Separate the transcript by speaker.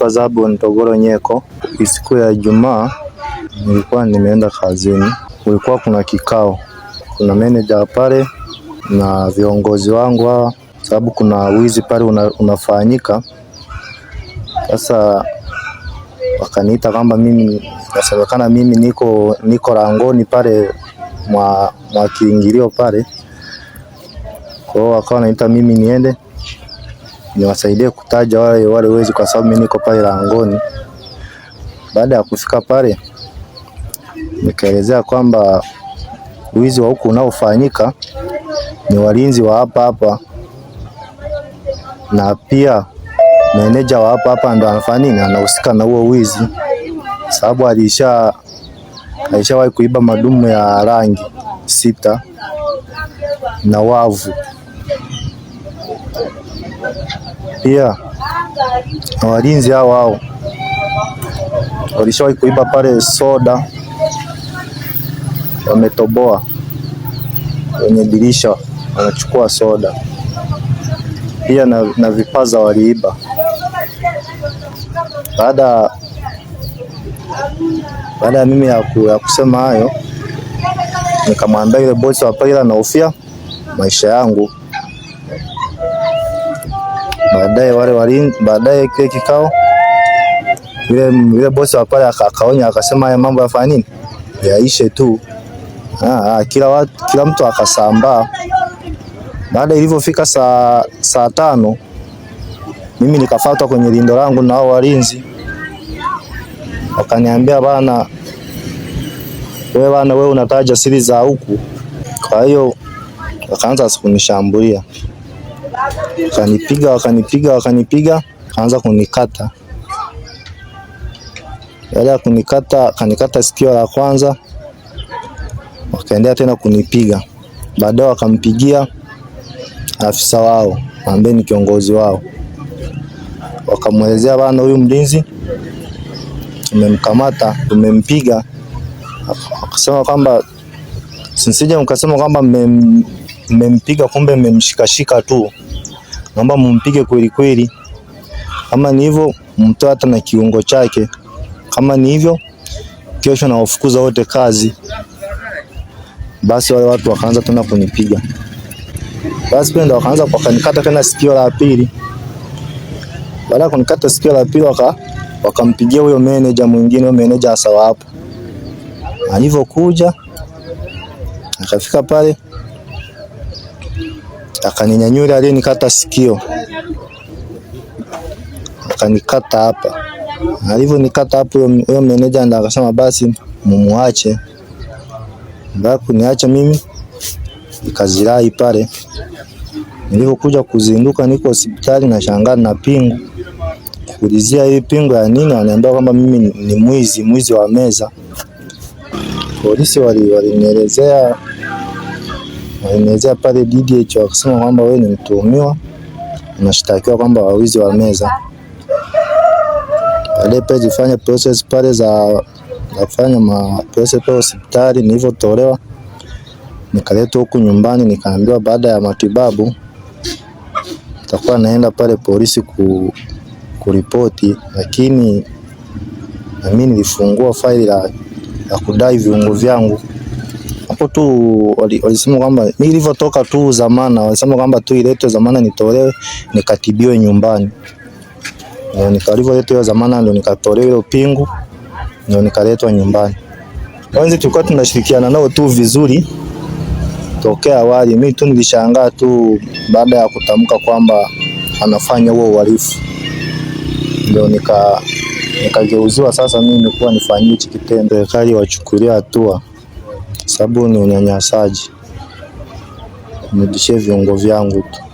Speaker 1: Naitwa Zabu Ntogoro Nyeko. Siku ya Ijumaa nilikuwa nimeenda kazini, kulikuwa kuna kikao, kuna manager pale na viongozi wangu hawa, sababu kuna wizi pale una, unafanyika. Sasa wakaniita kwamba mimi nasemekana mimi niko niko langoni pale mwa, mwa kiingilio pale hiyo wakawa wanaita mimi niende niwasaidie kutaja wale wale wezi, kwa sababu mimi niko pale langoni. Baada ya kufika pale, nikaelezea kwamba wizi wa huku unaofanyika ni walinzi wa hapa hapa na pia meneja wa hapa hapa ndo anafanya nini, anahusika na huo wizi, sababu alisha alishawahi kuiba madumu ya rangi sita na wavu. pia na Walinzi hao hao walishawahi kuiba pale soda, wametoboa wenye dirisha, wanachukua soda pia na, na vipaza waliiba. Baada baada ya mimi ya, ku, ya kusema hayo, nikamwambia yule bosi wa pale, naofia maisha yangu Baadaye wale walinzi, baadaye kile kikao yule yule bosi wa pale akaonya akasema, haya mambo yafanya nini yaishe tu. Aa, ah, ah, kila watu, kila mtu akasambaa. Baada ilivyofika saa, saa tano mimi nikafatwa kwenye lindo langu na walinzi wakaniambia, bana wewe, bana wewe unataja siri za huku. Kwa hiyo wakaanza kunishambulia. Wakanipiga, wakanipiga, wakanipiga, kaanza kunikata. Baada ya kunikata, kanikata sikio la kwanza, wakaendelea tena kunipiga. Baadaye wakampigia afisa wao ambaye ni kiongozi wao, wakamwelezea bana, huyu mlinzi tumemkamata, tumempiga. Akasema kwamba sisije mkasema kwamba mmempiga, kumbe mmemshikashika tu naomba mumpige kweli kweli, kama ni hivyo mtoe hata na kiungo chake, kama ni hivyo kesho na wote kazi. Basi wale watu wakaanza tena kunipiga, basi ndo wakaanza wakanikata tena sikio la pili. Baada ya kunikata sikio la pili, waka wakampigia huyo meneja mwingine, huyo meneja asawa hapo alivyokuja, akafika pale akaninyanyura, aliyenikata sikio akanikata hapa. Alivyonikata hapo, huyo meneja ndo akasema basi mumuache, ndio kuniacha mimi nikazirai pale. Nilivyokuja kuzinduka niko hospitali na shangaa na pingu kulizia hii pingu ya nini? Wananiambia kwamba mimi ni mwizi, mwizi wa meza. Polisi walinielezea wali walimezea pale DDH wakasema kwamba wewe ni mtuhumiwa, unashtakiwa kwamba wawizi wa meza alipejifanya process pale za kufanya ma process pale hospitali. Nilivyotolewa nikaletwa huku nyumbani, nikaambiwa baada ya matibabu nitakuwa naenda pale polisi ku kuripoti, lakini nami nilifungua faili la, la kudai viungo vyangu hapo tu walisema kwamba mimi nilivyotoka tu zamana, walisema kwamba tu iletwe zamana nitolewe nikatibiwe nyumbani. Ndio nikalivyoletwa hiyo zamana, ndio nikatolewa ile pingu, ndio nikaletwa nyumbani. Wenzi tulikuwa tunashirikiana nao tu vizuri tokea awali. Mimi tu nilishangaa tu baada ya kutamka kwamba anafanya huo uhalifu, ndio nika nikageuziwa sasa mimi nilikuwa nifanyie hichi kitendo. Serikali wachukulia hatua sababu ni unyanyasaji. Nirudishie viungo vyangu tu.